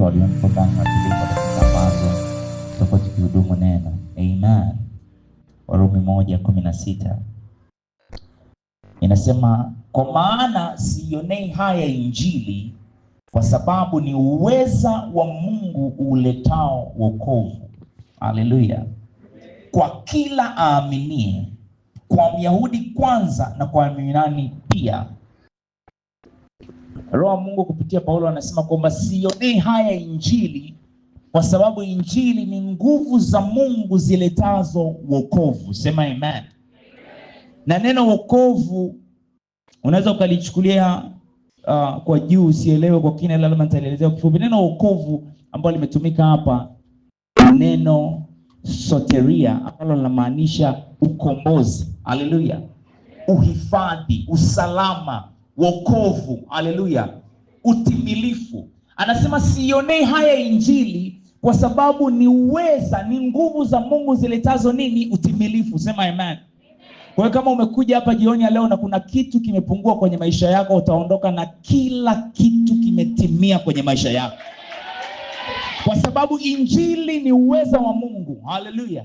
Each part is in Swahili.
wote waliompo ndani wakilindwa katika mawazo tofauti kuhudumu neno. Amen. Warumi moja kumi na sita inasema, kwa maana siionei haya Injili, kwa sababu ni uweza wa Mungu uletao wokovu. Haleluya! kwa kila aaminie, kwa Myahudi kwanza na kwa Myunani pia Roho wa Mungu kupitia Paulo anasema kwamba sionee haya Injili kwa sababu Injili ni nguvu za Mungu ziletazo wokovu. Sema amen, amen. Na neno wokovu unaweza ukalichukulia uh, kwa juu, usielewe kwa kina, ila labda nitaelezea kifupi. Neno wokovu ambalo limetumika hapa neno soteria ambalo linamaanisha ukombozi, haleluya, uhifadhi, usalama wokovu, haleluya, utimilifu. Anasema sionei haya Injili kwa sababu ni uweza, ni nguvu za Mungu ziletazo nini? Utimilifu. Sema amen. Kwa hiyo kama umekuja hapa jioni ya leo na kuna kitu kimepungua kwenye maisha yako, utaondoka na kila kitu kimetimia kwenye maisha yako, kwa sababu injili ni uweza wa Mungu, haleluya,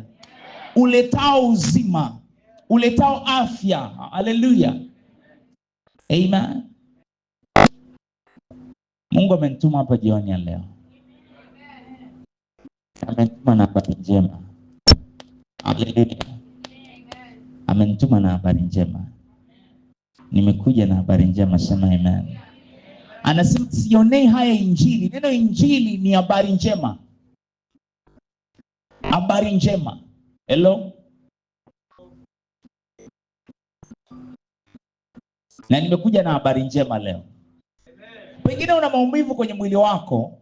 uletao uzima, uletao afya, haleluya. Amen. Mungu amenituma hapa jioni ya leo, amenituma na habari njema. Haleluya, amenituma na habari njema. Nimekuja na habari njema, sema amen. Anasema sionei haya Injili. Neno Injili ni habari njema, habari njema. Hello na nimekuja na habari njema leo. Pengine una maumivu kwenye mwili wako,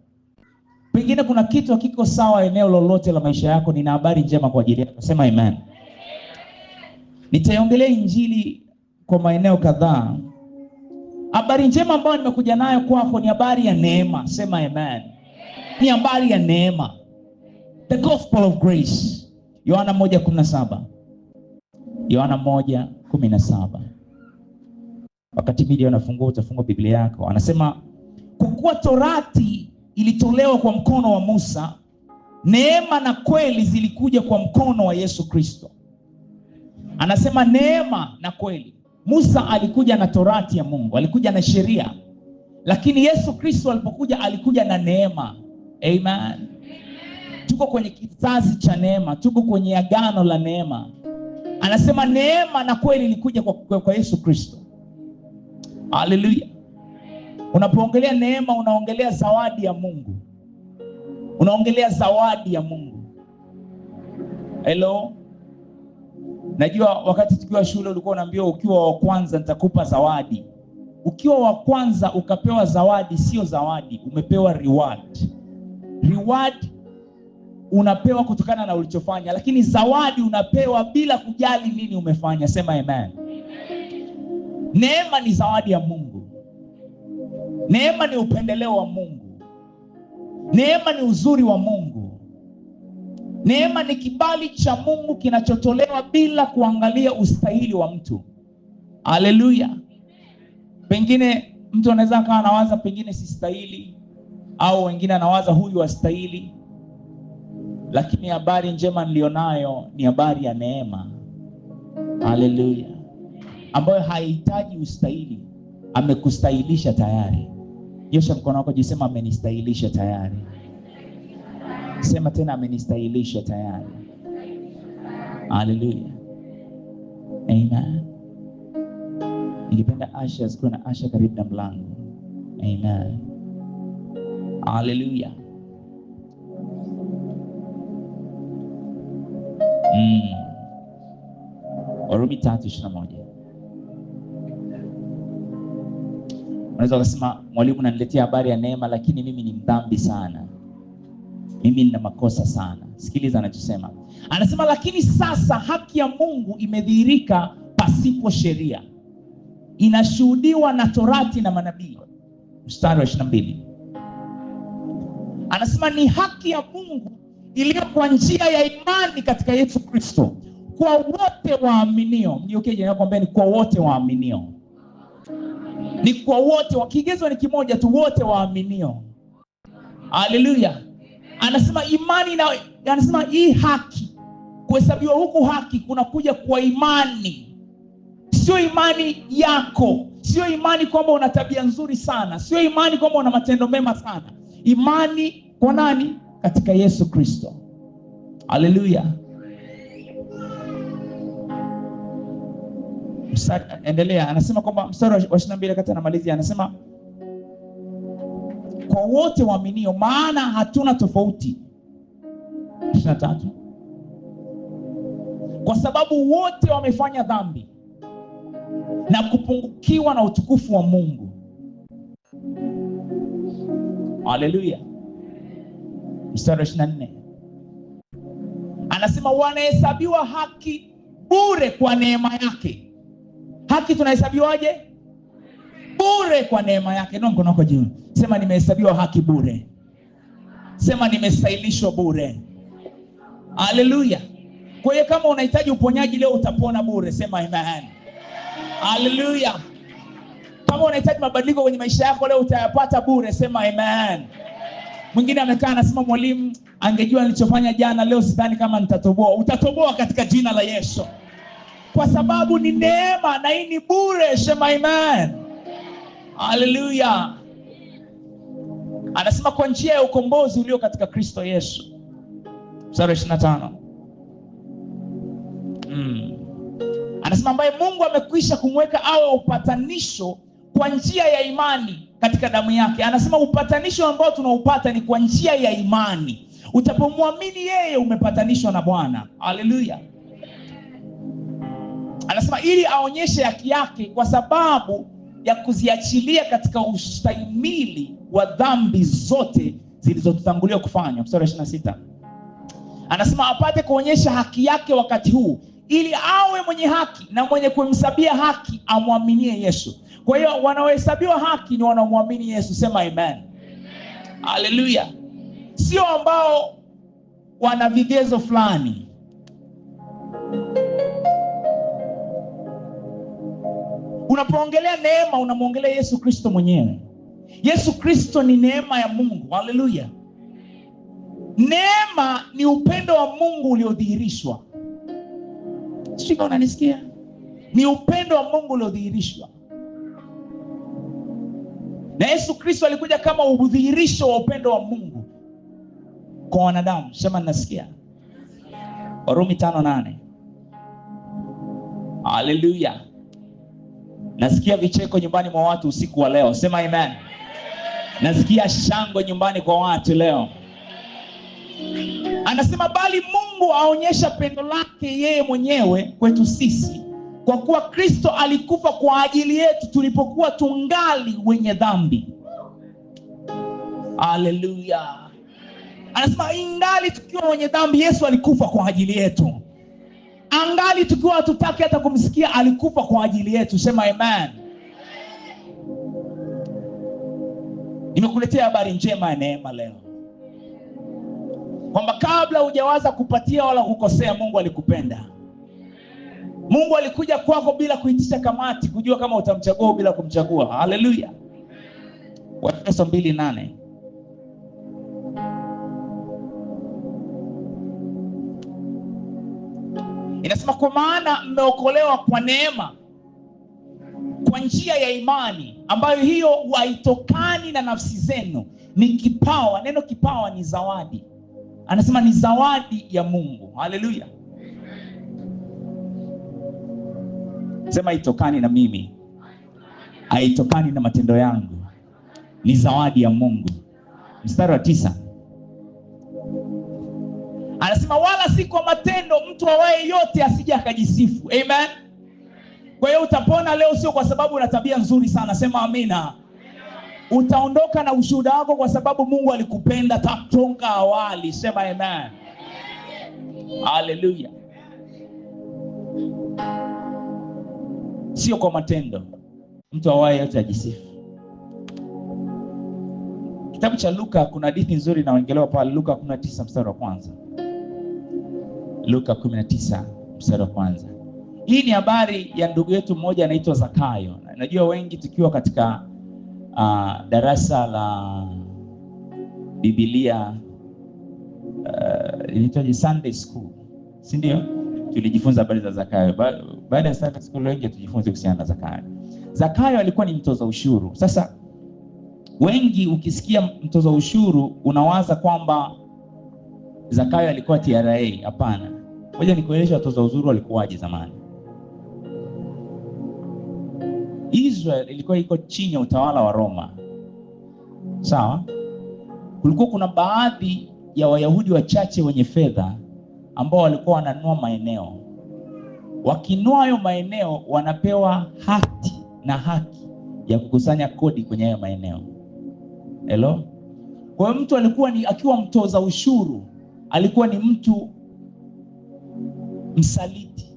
pengine kuna kitu hakiko sawa eneo lolote la maisha yako. Nina habari njema kwa ajili yako, sema amen. Nitaiongelea injili kwa maeneo kadhaa. Habari njema ambayo nimekuja nayo kwako ni habari ya neema, sema amen. Ni habari ya neema, the gospel of grace. Yohana 1:17, Yohana 1:17 wakati Gideon anafungua utafungua Biblia yako, anasema kwa kuwa torati ilitolewa kwa mkono wa Musa, neema na kweli zilikuja kwa mkono wa Yesu Kristo. Anasema neema na kweli. Musa alikuja na torati ya Mungu, alikuja na sheria, lakini Yesu Kristo alipokuja alikuja na neema. Amen. Tuko kwenye kizazi cha neema, tuko kwenye agano la neema. Anasema neema na kweli ilikuja kwa, kwa Yesu Kristo. Haleluya! Unapoongelea neema, unaongelea zawadi ya Mungu, unaongelea zawadi ya Mungu. Hello, najua wakati tukiwa shule ulikuwa unaambiwa ukiwa wa kwanza nitakupa zawadi. Ukiwa wa kwanza ukapewa zawadi, sio zawadi, umepewa reward. Reward unapewa kutokana na ulichofanya, lakini zawadi unapewa bila kujali nini umefanya. Sema amen. Neema ni zawadi ya Mungu. Neema ni upendeleo wa Mungu. Neema ni uzuri wa Mungu. Neema ni kibali cha Mungu kinachotolewa bila kuangalia ustahili wa mtu. aleluya Pengine mtu anaweza akawa anawaza pengine si stahili, au wengine anawaza huyu hastahili, lakini habari njema nilionayo ni habari ya neema. Haleluya! ambayo haihitaji ustahili, amekustahilisha tayari. Nyosha mkono wako, jisema amenistahilisha tayari. Sema tena, amenistahilisha tayari. Haleluya, amen. Ningependa Asha zikuwa na Asha karibu na mlango. Amen, haleluya. Mm. Warumi tatu ishirini na moja. Unaweza ukasema mwalimu, naniletea habari ya neema, lakini mimi ni mdhambi sana, mimi nina makosa sana. Sikiliza anachosema, anasema lakini sasa haki ya Mungu imedhihirika pasipo sheria, inashuhudiwa na torati na manabii. Mstari wa 22 anasema ni haki ya Mungu iliyo kwa njia ya imani katika Yesu Kristo kwa wote waaminio. Mgeuke jirani yako, kwa wote waaminio ni kwa wote, wakigezwa ni kimoja tu, wote waaminio. Haleluya! Anasema imani na, anasema hii haki, kuhesabiwa huku haki kunakuja kwa imani, sio imani yako, sio imani kwamba una tabia nzuri sana, sio imani kwamba una matendo mema sana, imani kwa nani? Katika Yesu Kristo. Haleluya! endelea, anasema kwamba mstari wa 22 kati anamalizia anasema kwa wote waaminio, maana hatuna tofauti. 23 kwa sababu wote wamefanya dhambi na kupungukiwa na utukufu wa Mungu. Haleluya! mstari wa 24 anasema wanahesabiwa haki bure kwa neema yake haki tunahesabiwaje? Bure kwa neema yake. Inua mkono wako juu, sema nimehesabiwa haki bure, sema nimestailishwa bure. Haleluya! Kwa hiyo kama unahitaji uponyaji leo utapona bure, sema amen. Haleluya! Kama unahitaji mabadiliko kwenye maisha yako leo utayapata bure, sema amen. Mwingine amekaa anasema, mwalimu, angejua nilichofanya jana, leo sidhani kama nitatoboa. Utatoboa katika jina la Yesu kwa sababu ni neema na hii ni bure. Sema amen, haleluya. Anasema kwa njia ya ukombozi ulio katika Kristo Yesu, mstari 25. Mm. Anasema ambaye Mungu amekwisha kumweka awe upatanisho kwa njia ya imani katika damu yake. Anasema upatanisho ambao tunaupata ni kwa njia ya imani. Utapomwamini yeye, umepatanishwa na Bwana. Haleluya anasema ili aonyeshe haki yake kwa sababu ya kuziachilia katika ustahimili wa dhambi zote zilizotutangulia kufanywa. Mstari wa 26 anasema apate kuonyesha haki yake wakati huu, ili awe mwenye haki na mwenye kumhesabia haki amwaminie Yesu. Kwa hiyo wanaohesabiwa haki ni wanaomwamini Yesu. Sema amen, haleluya! Sio ambao wana vigezo fulani unapoongelea neema unamwongelea yesu kristo mwenyewe yesu kristo ni neema ya mungu haleluya neema ni upendo wa mungu uliodhihirishwa sika unanisikia ni upendo wa mungu uliodhihirishwa na yesu kristo alikuja kama udhihirisho wa upendo wa mungu kwa wanadamu sema ninasikia warumi tano nane haleluya Nasikia vicheko nyumbani mwa watu usiku wa leo, sema amen. Nasikia shangwe nyumbani kwa watu leo. Anasema bali Mungu aonyesha pendo lake yeye mwenyewe kwetu sisi kwa kuwa Kristo alikufa kwa ajili yetu tulipokuwa tungali wenye dhambi. aleluya Anasema ingali tukiwa wenye dhambi, Yesu alikufa kwa ajili yetu angali tukiwa hatutaki hata kumsikia alikufa kwa ajili yetu sema amen nimekuletea habari njema ya neema leo kwamba kabla hujawaza kupatia wala kukosea mungu alikupenda mungu alikuja kwako bila kuitisha kamati kujua kama utamchagua bila kumchagua haleluya waefeso mbili nane Inasema kwa maana mmeokolewa kwa neema kwa njia ya imani ambayo hiyo haitokani na nafsi zenu, ni kipawa. Neno kipawa ni zawadi, anasema ni zawadi ya Mungu. Haleluya, sema haitokani na mimi, haitokani na matendo yangu, ni zawadi ya Mungu. Mstari wa tisa anasema wala si kwa matendo mtu awaye yote asije akajisifu amen kwa hiyo utapona leo sio kwa sababu una tabia nzuri sana sema amina utaondoka na ushuhuda wako kwa sababu mungu alikupenda tatonga awali sema amen haleluya sio kwa matendo mtu awaye yote ajisifu kitabu cha luka kuna hadithi nzuri inaongelewa pale luka 19 mstari wa kwanza Luka 19 mstari wa kwanza. Hii ni habari ya ndugu yetu mmoja anaitwa Zakayo. Najua wengi tukiwa katika uh, darasa la Biblia eh, inaitwaje, uh, Sunday school, si ndio? Tulijifunza habari za Zakayo. baada ya Sunday school wengi tujifunze kuhusiana na Zakayo. Zakayo alikuwa ni mtoza ushuru. Sasa wengi ukisikia mtoza ushuru unawaza kwamba Zakayo alikuwa TRA. Hapana, moja nikueleze watoza uzuru walikuwaje zamani. Israel ilikuwa iko chini ya utawala wa Roma, sawa. Kulikuwa kuna baadhi ya Wayahudi wachache wenye fedha ambao walikuwa wananua maeneo. wakinua hayo maeneo, wanapewa hati na haki ya kukusanya kodi kwenye hayo maeneo. Hello? Kwa hiyo mtu alikuwa ni, akiwa mtoza ushuru alikuwa ni mtu msaliti,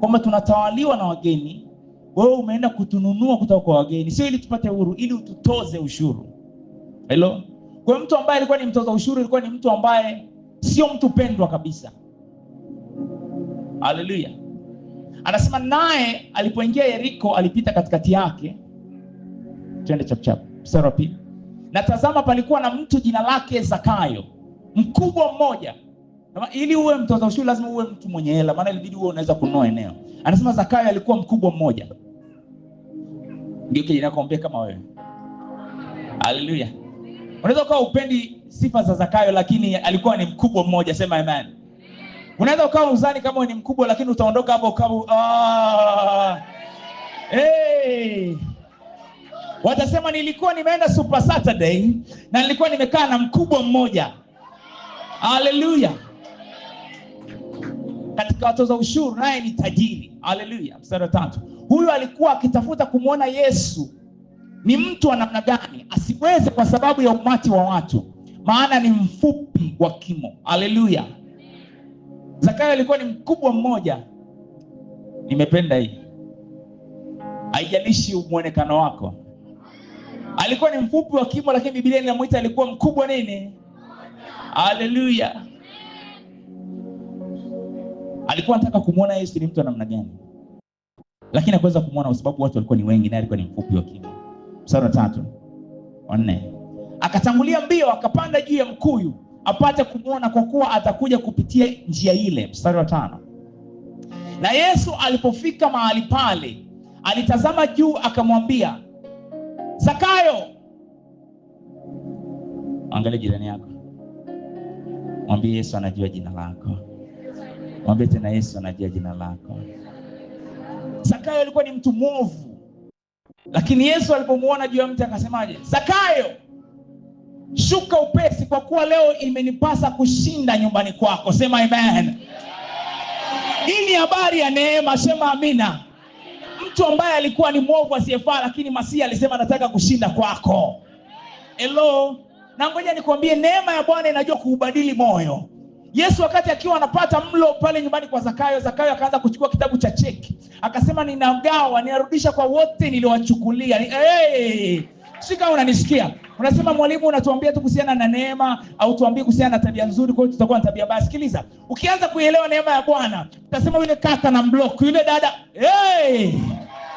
kwamba tunatawaliwa na wageni. Wewe umeenda kutununua kutoka kwa wageni, sio ili tupate uhuru, ili ututoze ushuru. Hello? Kwa mtu ambaye alikuwa ni mtoza ushuru, alikuwa ni mtu ambaye sio mtu pendwa kabisa. Haleluya! Anasema naye alipoingia Yeriko alipita katikati yake. Twende chap, mstari wa pili. Na tazama, palikuwa na mtu jina lake Zakayo, mkubwa mmoja Nama, ili uwe mtoza ushuru lazima uwe mtu mwenye hela, maana ilibidi uwe unaweza kununua eneo. Anasema Zakayo alikuwa mkubwa mmoja. Ndio kile ninakwambia kama wewe. Haleluya. Unaweza ukawa upendi sifa za Zakayo lakini alikuwa ni mkubwa mmoja, sema amen. Unaweza ukawa uzani kama wewe ni mkubwa lakini utaondoka hapo ukawa ah. Hey. Watasema nilikuwa nimeenda Super Saturday na nilikuwa nimekaa na mkubwa mmoja. Haleluya katika watoza ushuru, naye ni tajiri. Haleluya! mstari wa tatu, huyu alikuwa akitafuta kumwona Yesu ni mtu wa namna gani, asiweze kwa sababu ya umati wa watu, maana ni mfupi wa kimo. Haleluya! Zakayo alikuwa ni mkubwa mmoja. Nimependa hii, haijalishi mwonekano wako. Alikuwa ni mfupi wa kimo, lakini Biblia inamwita alikuwa mkubwa nini? Haleluya! Alikuwa anataka kumwona Yesu ni mtu wa namna gani, lakini akaweza kumwona kwa sababu watu walikuwa ni wengi, naye alikuwa ni mfupi wa kimo. Mstari wa tatu wa nne, akatangulia mbio akapanda juu ya mkuyu apate kumwona, kwa kuwa atakuja kupitia njia ile. Mstari wa tano, na Yesu alipofika mahali pale alitazama juu akamwambia Zakayo, angalia jirani yako, mwambie Yesu anajua jina lako. Mwambie tena Yesu anajua jina lako. Zakayo alikuwa ni mtu mwovu, lakini Yesu alipomuona juu ya mti akasemaje? Zakayo, shuka upesi, kwa kuwa leo imenipasa kushinda nyumbani kwako. Sema amen. Hii ni habari ya neema. Sema amina. Mtu ambaye alikuwa ni mwovu asiyefaa, lakini Masihi alisema nataka kushinda kwako. Hello, na ngoja nikwambie, neema ya Bwana inajua kuubadili moyo Yesu wakati akiwa anapata mlo pale nyumbani kwa Zakayo, Zakayo akaanza kuchukua kitabu cha cheki, akasema ninagawa, ninarudisha kwa wote niliowachukulia. Hey! si kama unanisikia unasema mwalimu unatuambia tu kuhusiana na neema au tuambie kuhusiana na tabia nzuri kwa hiyo tutakuwa na tabia mbaya sikiliza ukianza kuielewa neema ya bwana utasema yule kaka na block yule dada hey!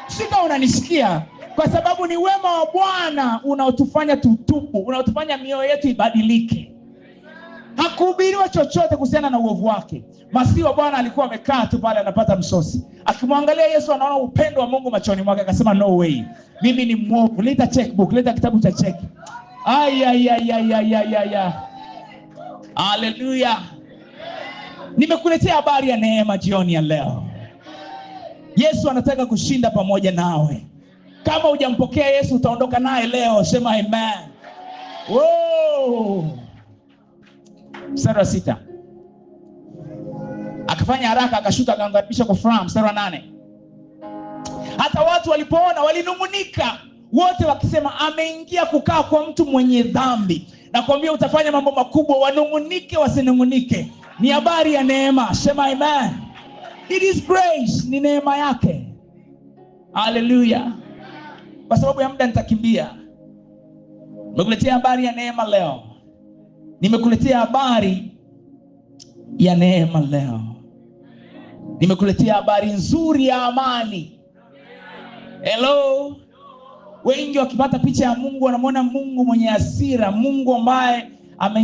si kama unanisikia kwa sababu ni wema wa bwana unaotufanya tutubu unaotufanya mioyo yetu ibadilike hakuhubiriwa chochote kuhusiana na uovu wake. Masiwa bwana alikuwa amekaa tu pale anapata msosi, akimwangalia Yesu anaona upendo wa Mungu machoni mwake, akasema no way, mimi ni mwovu. Leta checkbook, leta kitabu cha cheki. Haleluya! Nimekuletea habari ya neema jioni ya leo. Yesu anataka kushinda pamoja nawe. Kama hujampokea Yesu, utaondoka naye leo. Sema amen. Whoa mstari wa sita akafanya haraka akashuka akaangaribisha kwa furaha mstari wa nane hata watu walipoona walinung'unika wote wakisema ameingia kukaa kwa mtu mwenye dhambi nakwambia utafanya mambo makubwa wanung'unike wasinung'unike ni habari ya neema sema amen it is grace ni neema yake haleluya kwa sababu ya muda nitakimbia mekuletea habari ya neema leo Nimekuletea habari ya neema leo, nimekuletea habari nzuri ya amani. Hello, wengi wakipata picha ya Mungu wanamwona Mungu mwenye asira Mungu ambaye ame